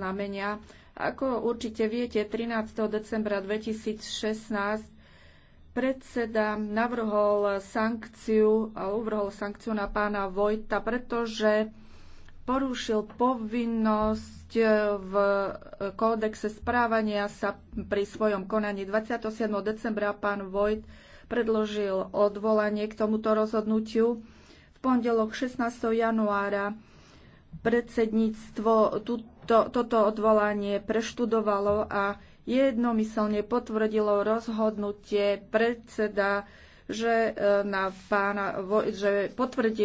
znamenia. Ako určite viete, 13. decembra 2016 predseda navrhol sankciu, uvrhol sankciu na pána Vojta, pretože porušil povinnosť v kódexe správania sa pri svojom konaní. 27. decembra pán Vojt predložil odvolanie k tomuto rozhodnutiu. V pondelok 16. januára Predsedníctvo túto, toto odvolanie preštudovalo a jednomyselne potvrdilo rozhodnutie predseda, že, e, na pána, že potvrdil